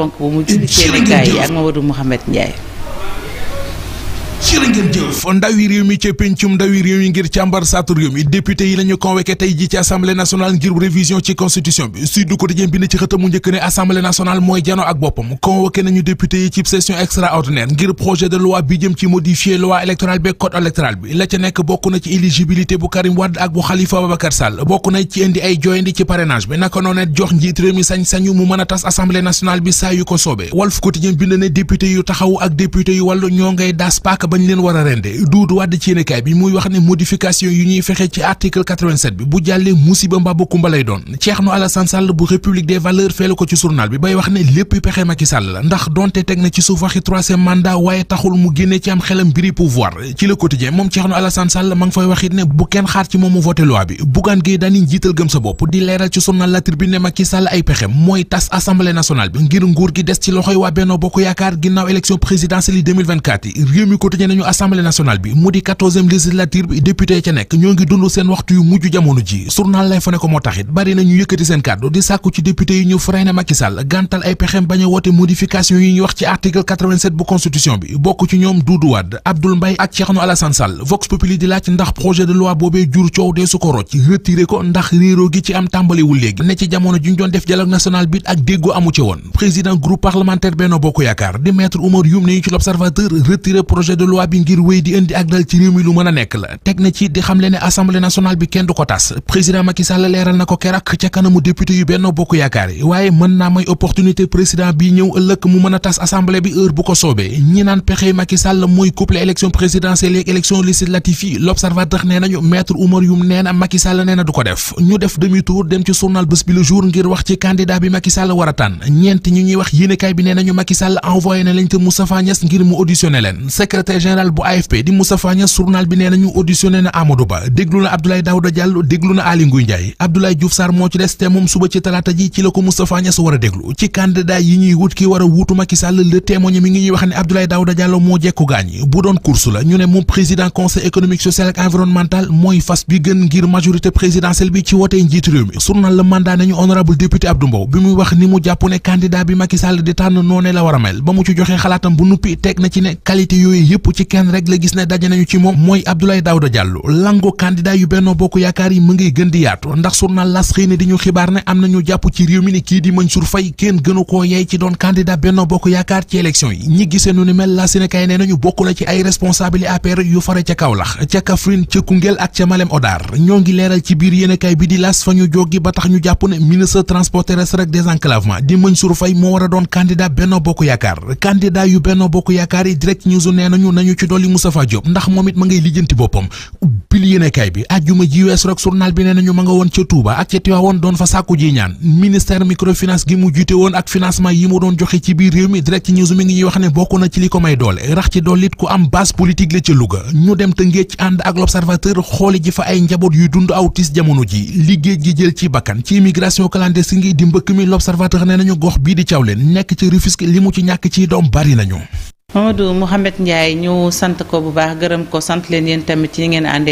ponk bu mu julli seen gaay yi ak Mamadou Mouhamed Ndiaye jërë ngeen jëf ndawi réew mi ca pencum ndawi réew yi ngir càmbar saatu réew mi député yi la ñu convoqué tey ji ci assemblée nationale ngir révision ci constitution bi Sud Quotidien bi na ci xëtamu njëkk ne assemblée nationale mooy jano ak boppam convoqué nañu député yi ci session extraordinaire ngir projet de loi bi jëm ci modifier loi électorale bi code électoral bi la ca nekk bokk na ci éligibilité bu Karim Wade ak bu Khalifa Babacar Sall bokk na ci indi ay jooyandi ci parrainage bi naka noonu it jox njiit réew mi sañ-sañu mu mën a ko soobee Walf Quotidien bind ne député yu taxaw ak député yu wàllu ñoo bañ leen war a rende duudu wàdd ci yéenekaay bi muy wax ne modification yu ñuy fexe ci article 87 bi bu jàllee musiba mbaa kumba lay doon Thierno Alassane Sall bu République des valeurs feelu ko ci journal bi bay wax ne lépp pexe Macky Sall la ndax donte teg na ci suuf waxi troisième mandat waaye taxul mu génne ci am xelam mbiri pouvoir ci le quotidien moom Thierno Alassane Sall ma ngi fay wax it ne bu kenn xaar ci moom mu voté loi bi Bougane Gueye Dany bopp di leeral ci journal La Tribune ne Macky ay pexe mooy tas assemblée nationale bi ngir nguur gi des ci loxoy waa Bokk Yaakaar ginnaaw élection présidentielle daje nañu assemblée nationale bi mu di quatorzième législature bi député ca nekk ñoo ngi dund seen waxtu yu mujj jamono ji journal lay fa ne ko moo taxit bari ñu yëkkati seen kàddu di sàkku ci député yi ñu freiné Macky Sall gàntal ay pexem bañ woote modification yi ñu wax ci article bu constitution bi bokk ci ñoom Doudou Wade Abdoul Mbaye ak Cheikhnou Alassane Sall Vox Populi di laaj ndax projet de loi boobee jur coow dee su ko rocc retiré ko ndax réeroo loi bi ngir wéy di indi ak dal ci réew mi lu mën nekk la teg na ci di xam le ne assemblée nationale bi kenn du ko tas président Macky Sall leeral na ko kerak ca kanamu député yu Benno Bokk Yaakaar yi waaye mën naa may opportunité président bi ñëw ëllëg mu mën a tas assemblée bi heure bu ko soobee ñi naan pexe Macky Sall mooy couplé élection présidentielle ak élection législative yi l'observateur nee nañu maître Oumar yu nee na Macky Sall nee na du ko def ñu def demi tour dem ci journal bés bi le ngir wax ci candidat bi Macky Sall war a ñeent ñi ñuy wax yéenekaay bi nee nañu Macky Sall envoyé na lañ te Moustapha Niass ngir mu auditionné leen secrétaire général bu AFP di Moustapha Niasse journal bi nee nañu auditionné na Amadou Ba déglu na Abdoulaye Daouda Diallo déglu na Aly Ngouille Ndiaye Abdoulaye Diouf Sarr moo ci des te moom suba ci talaata ji ci la ko Moustapha Niasse war a déglu ci candidat yi ñuy wut ki war a wuutu Macky Sall le témoigne ngi ñuy wax ne Abdoulaye Daouda Diallo moo jekku gaañ bu doon course la ñu ne moom président conseil économique social environnemental mooy fas bi gën ngir majorité présidentielle bi ni mu jàpp ne candidat bi Macky a mel ne qualité yooyu yëpp bu ci kenn rek la gis ne daje nañu ci moom mooy Abdoulaye Daouda Diallo lango candidat yu Benno Bokk Yaakaar yi mu ngi gën di yaatu ndax journal L'As xëy ne di ñu xibaar ne am nañu jàpp ci réew mi ni kii di Mansour Faye kenn gënu ko yey ci doon candidat Benno Bokk Yaakaar ci élection yi ñi gisee nu ni mel la Sénégal nee nañu bokk la ci ay responsable APR yu fare ca Kaolack ca Kaffrine ca Koungheul ak ca Malem Odar ñoo ngi leeral ci biir yéenekaay bi di L'As fa ñu joggi ba tax ñu jàpp ne ministre transport terrestre ak désenclavement di Mansour Faye moo war a doon candidat Benno Bokk Yaakaar candidat yu Benno Bokk Yaakaar nañu ci dolli Moustapha Diop ndax moom it ma ngay lijjanti boppam ubbil yéenekaay bi ajjuma ji wees rek bi nee nañu ma nga woon ca Touba ak ca Tivaouane doon fa sàkku ji ñaan ministère microfinance gi mu jiite woon ak financement yi mu doon joxe ci biir réew mi direct ci news mi ngi wax ne bokk na ci li ko may doole rax ci dollit ku am base politique la ca Louga ñu dem te ànd ak l'observateur xooli ji fa ay njaboot yuy dund aw autis jamono ji liggéey gi jël ci bakkan ci immigration clandestine gi di mbëkk mi l'observateur nee nañu gox bii di Thiawlène nekk ci Rufisque li mu ci ñàkk ci doom bari nañu Mamadou Mouhamed Ndiaye ñu sant ko bu baax gërëm ko sant leen yeen tamit ci ñi ngeen àndee